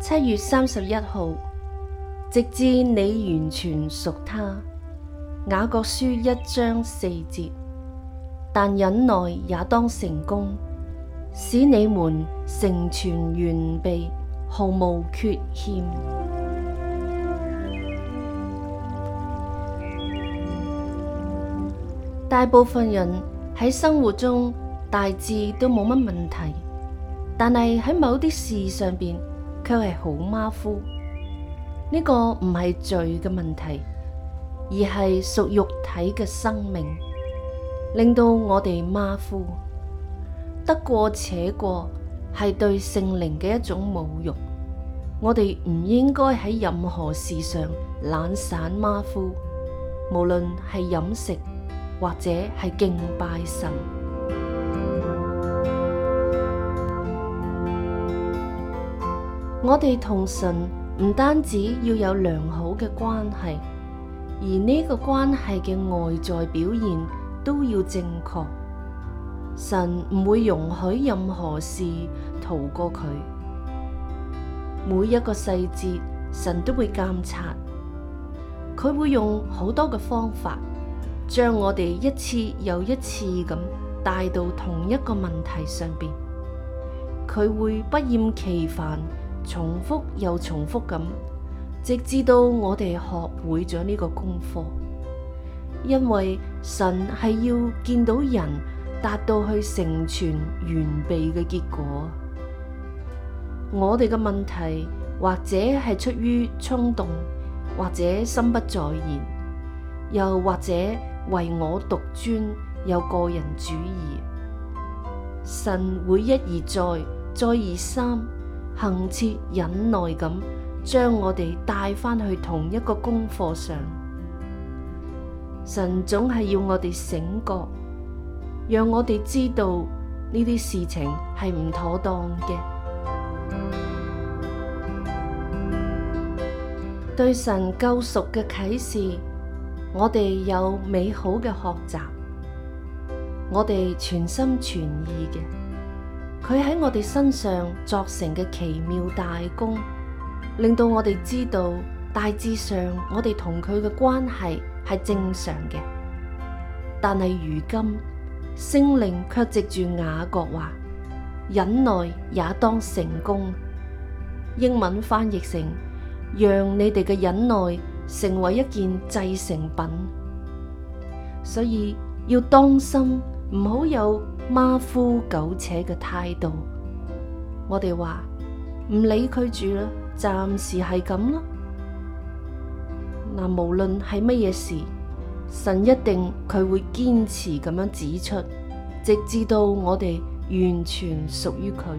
七月三十一號，直至你完全屬他。雅各書一章四節，但忍耐也當成功，使你們成全完備，毫無缺欠。大部分人喺生活中。大致都冇乜問題，但係喺某啲事上邊卻係好馬虎。呢個唔係罪嘅問題，而係屬肉體嘅生命令到我哋馬虎，得過且過係對聖靈嘅一種侮辱。我哋唔應該喺任何事上懶散馬虎，無論係飲食或者係敬拜神。我哋同神唔單止要有良好嘅關係，而呢個關係嘅外在表現都要正確。神唔會容許任何事逃過佢，每一個細節神都會監察。佢會用好多嘅方法，將我哋一次又一次咁帶到同一個問題上邊。佢會不厭其煩。重複又重複咁，直至到我哋學會咗呢個功課。因為神係要見到人達到去成全完備嘅結果。我哋嘅問題或者係出於衝動，或者心不在焉，又或者唯我獨尊，有個人主義。神會一而再，再而三。行切忍耐咁，將我哋帶返去同一個功課上。神總係要我哋醒覺，讓我哋知道呢啲事情係唔妥當嘅。對神救贖嘅啟示，我哋有美好嘅學習。我哋全心全意嘅。佢喺我哋身上作成嘅奇妙大功，令到我哋知道大致上我哋同佢嘅關係係正常嘅。但係如今聖靈卻藉住雅各話，忍耐也當成功。英文翻譯成：讓你哋嘅忍耐成為一件製成品。所以要當心，唔好有。馬虎苟且嘅態度，我哋話唔理佢住啦，暫時係咁啦。嗱，無論係乜嘢事，神一定佢會堅持咁樣指出，直至到我哋完全屬於佢。